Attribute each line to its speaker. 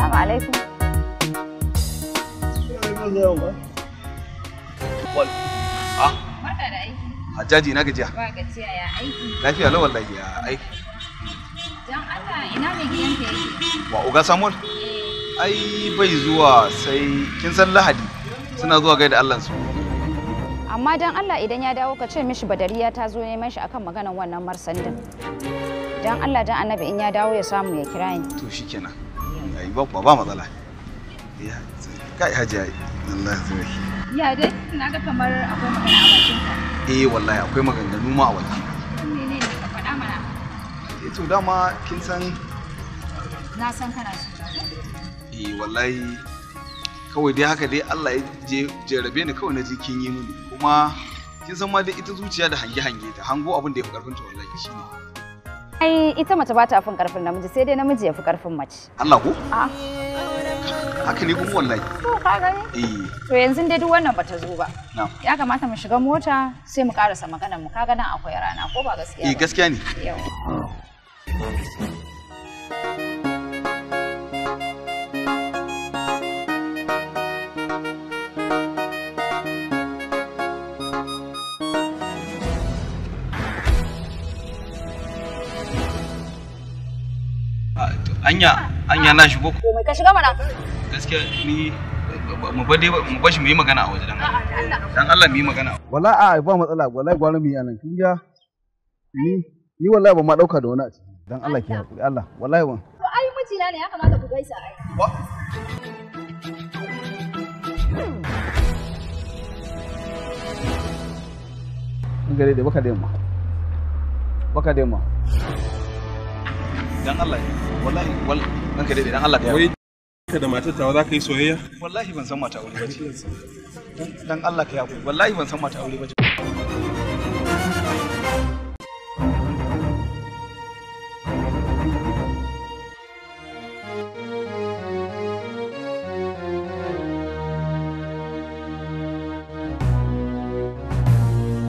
Speaker 1: Assalamu alaikum. Ah.
Speaker 2: na gajiya.
Speaker 1: Ba gajiya ya aiki.
Speaker 2: Wa Uga Samuel? Eh. Ai bai zuwa sai kin san Lahadi suna zuwa gaida Allah su.
Speaker 1: Amma don Allah idan ya dawo ka ce mishi badari ya ta zo neman shi akan maganan wannan marsandin. Don Allah don annabi in ya dawo ya samu ya kira ni.
Speaker 2: To shikenan. na yi ba ba matsala ya kai hajiya Allah shi
Speaker 1: ya dai na ga kamar akwai magana a bakin ka
Speaker 2: eh wallahi akwai maganganu ma a baki
Speaker 1: menene ka faɗa mana
Speaker 2: eh to dama kin san
Speaker 1: na san kana so
Speaker 2: eh wallahi kawai dai haka dai Allah ya je jarabe ni kawai na ji kin yi mini kuma kin san ma dai ita zuciya da hange hange ta hango abin da ya fi karfin ta wallahi shine
Speaker 1: Ai ita mace ba ta fin karfin namiji sai dai namiji ya fi karfin mace. Allah ko? A. Ah.
Speaker 2: Haka ne kuma wallahi. To ka gani? Eh.
Speaker 1: To yanzu dai duk wannan bata zo ba. Ya kamata mu shiga mota sai mu karasa magana mu kaga nan akwai rana ko ba gaskiya? Eh
Speaker 2: gaskiya ne. Yau. anya anya na shigo ko mai ka shiga mana gaskiya ni mu bade mu bashi mu yi magana a waje dan Allah dan Allah mu yi magana wallahi a ba matsala wallahi gwara mu yi anan kin ga ni ni wallahi ba ma dauka da wani a ciki dan Allah ki hakuri Allah wallahi wan
Speaker 1: to ai mijina ne ya kamata ku gaisa ai
Speaker 2: ba gare da baka da yamma baka da yamma dan Allah wallahi wal ranka dai dan Allah ka yawa ka da matar tawa za ka yi soyayya wallahi ban san mata aure ba ce dan Allah ka wallahi ban san mata aure ba ce